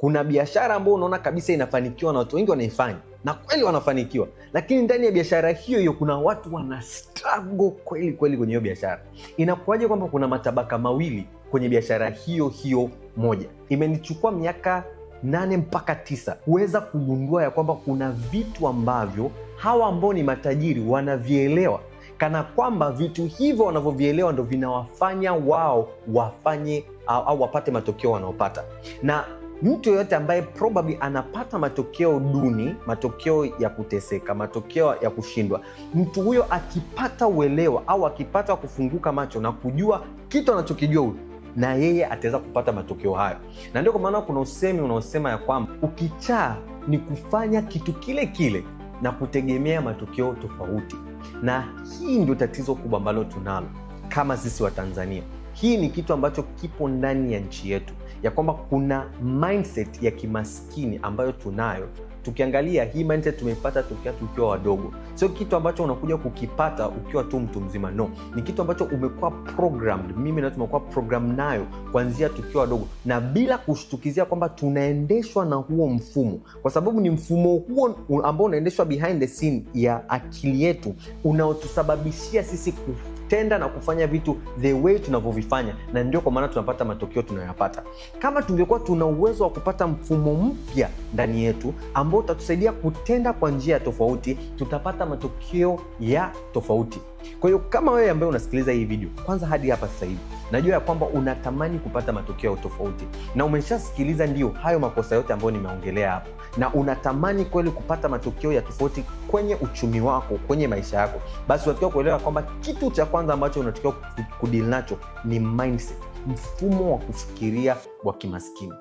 Kuna biashara ambayo unaona kabisa inafanikiwa na watu wengi wanaifanya na kweli wanafanikiwa, lakini ndani ya biashara hiyo hiyo kuna watu wana struggle kweli kweli kwenye hiyo biashara. Inakuwaje kwamba kuna matabaka mawili kwenye biashara hiyo hiyo moja? Imenichukua miaka nane mpaka tisa huweza kugundua ya kwamba kuna vitu ambavyo hawa ambao ni matajiri wanavielewa, kana kwamba vitu hivyo wanavyovielewa ndo vinawafanya wao wafanye au, au wapate matokeo wanaopata na mtu yoyote ambaye probably anapata matokeo duni, matokeo ya kuteseka, matokeo ya kushindwa, mtu huyo akipata uelewa au akipata kufunguka macho na kujua kitu anachokijua na yeye ataweza kupata matokeo hayo, na ndio kwa maana kuna usemi unaosema ya kwamba ukichaa ni kufanya kitu kile kile na kutegemea matokeo tofauti, na hii ndio tatizo kubwa ambalo tunalo kama sisi Watanzania. Hii ni kitu ambacho kipo ndani ya nchi yetu, ya kwamba kuna mindset ya kimaskini ambayo tunayo. Tukiangalia hii mindset tumeipata tokea tukiwa wadogo, sio kitu ambacho unakuja kukipata ukiwa tu mtu mzima. No, ni kitu ambacho umekuwa programmed, mimi na tumekuwa program nayo kuanzia tukiwa wadogo, na bila kushtukizia kwamba tunaendeshwa na huo mfumo, kwa sababu ni mfumo huo ambao unaendeshwa behind the scene ya akili yetu unaotusababishia sisi kufu kutenda na kufanya vitu the way tunavyovifanya, na ndio kwa maana tunapata matokeo tunayoyapata. Kama tungekuwa tuna uwezo wa kupata mfumo mpya ndani yetu ambao utatusaidia kutenda kwa njia ya tofauti, tutapata matokeo ya tofauti. Kwa hiyo kama wewe ambaye unasikiliza hii video kwanza hadi hapa sasa hivi, najua ya kwamba unatamani kupata matokeo tofauti na umeshasikiliza ndio hayo makosa yote ambayo nimeongelea hapo, na unatamani kweli kupata matokeo ya tofauti kwenye uchumi wako, kwenye maisha yako, basi unatakiwa kuelewa kwamba kitu cha kwanza ambacho unatakiwa kudili nacho ni mindset, mfumo wa kufikiria wa kimaskini.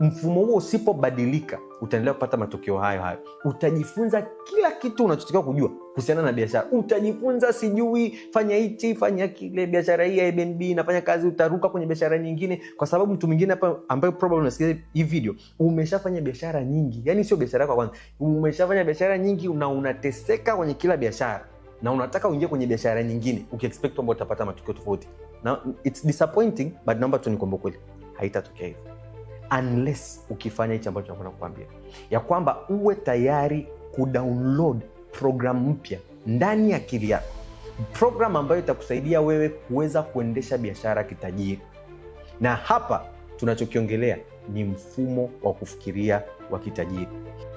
Mfumo huo usipobadilika, utaendelea kupata matokeo hayo hayo. Utajifunza kila kitu unachotakiwa kujua kuhusiana na biashara. Utajifunza sijui, fanya hichi, fanya kile, biashara hii ya Airbnb inafanya kazi, utaruka kwenye biashara nyingine, kwa sababu mtu mwingine hapa ambaye probably unasikia hii video umeshafanya biashara nyingi, yani sio biashara yako kwanza, umeshafanya biashara nyingi na unateseka kwenye kila biashara na unataka uingie kwenye biashara nyingine ukiexpect kwamba utapata matokeo tofauti. na it's disappointing but naomba tu ni kwamba kweli haitatokea hivyo unless ukifanya hichi ambacho nakwenda kukwambia ya kwamba uwe tayari kudownload program mpya ndani ya akili yako, program ambayo itakusaidia wewe kuweza kuendesha biashara kitajiri. Na hapa tunachokiongelea ni mfumo wa kufikiria wa kitajiri.